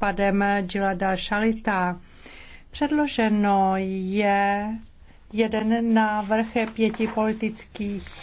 Padem Gilada Šalita. Předloženo je jeden návrh pěti politických